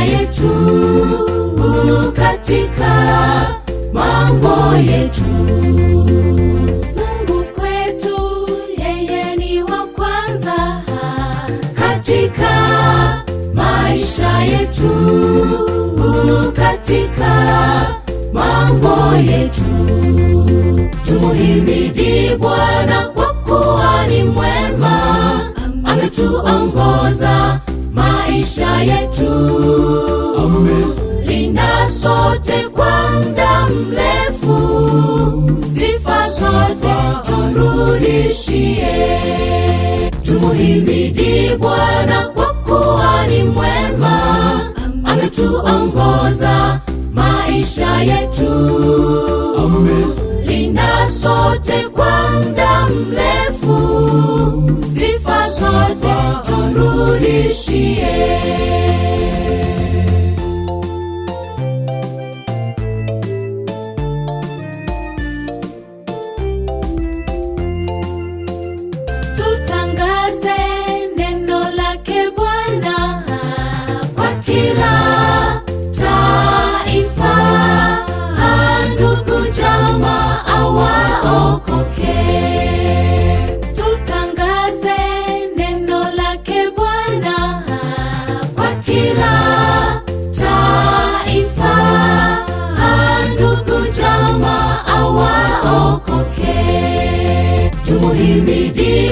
yetu katika mambo yetu. Mungu kwetu yeye ni wa kwanza katika maisha yetu, katika mambo yetu. Tumuhimidi Bwana. yetu lina sote kwa mda mrefu, sifa zote tumrudishie. Tumuhimidi Bwana kwa kuwa ni mwema, ametuongoza maisha yetu, lina sote kwa mda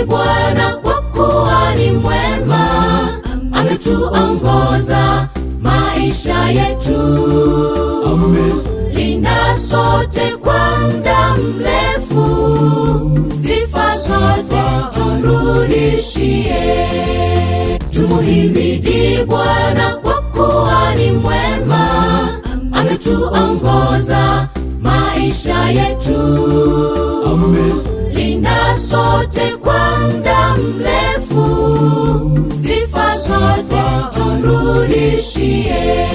Bwana kwa kuwa ni mwema, ametuongoza maisha yetu, linda sote kwa muda mrefu, sifa zote tumrudishie. Tumuhimidi Bwana kwa kuwa ni mwema, ametuongoza maisha yetu. Amen. niishie.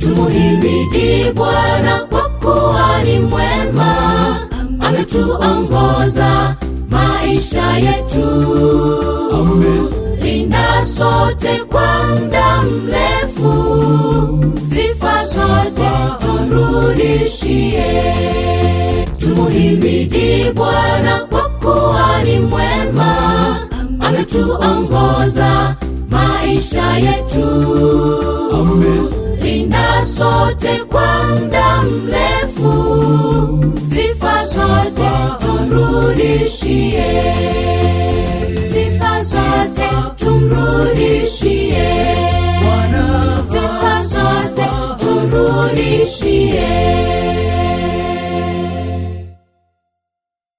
Tumuhimidi Bwana kwa kuwa ni mwema, ametuongoza maisha tuongoza maisha yetu. Amen. Linda sote kwa muda mrefu, sifa zote tumrudishie, sifa zote tumrudishie, sifa zote tumrudishie